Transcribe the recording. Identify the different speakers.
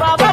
Speaker 1: Baba.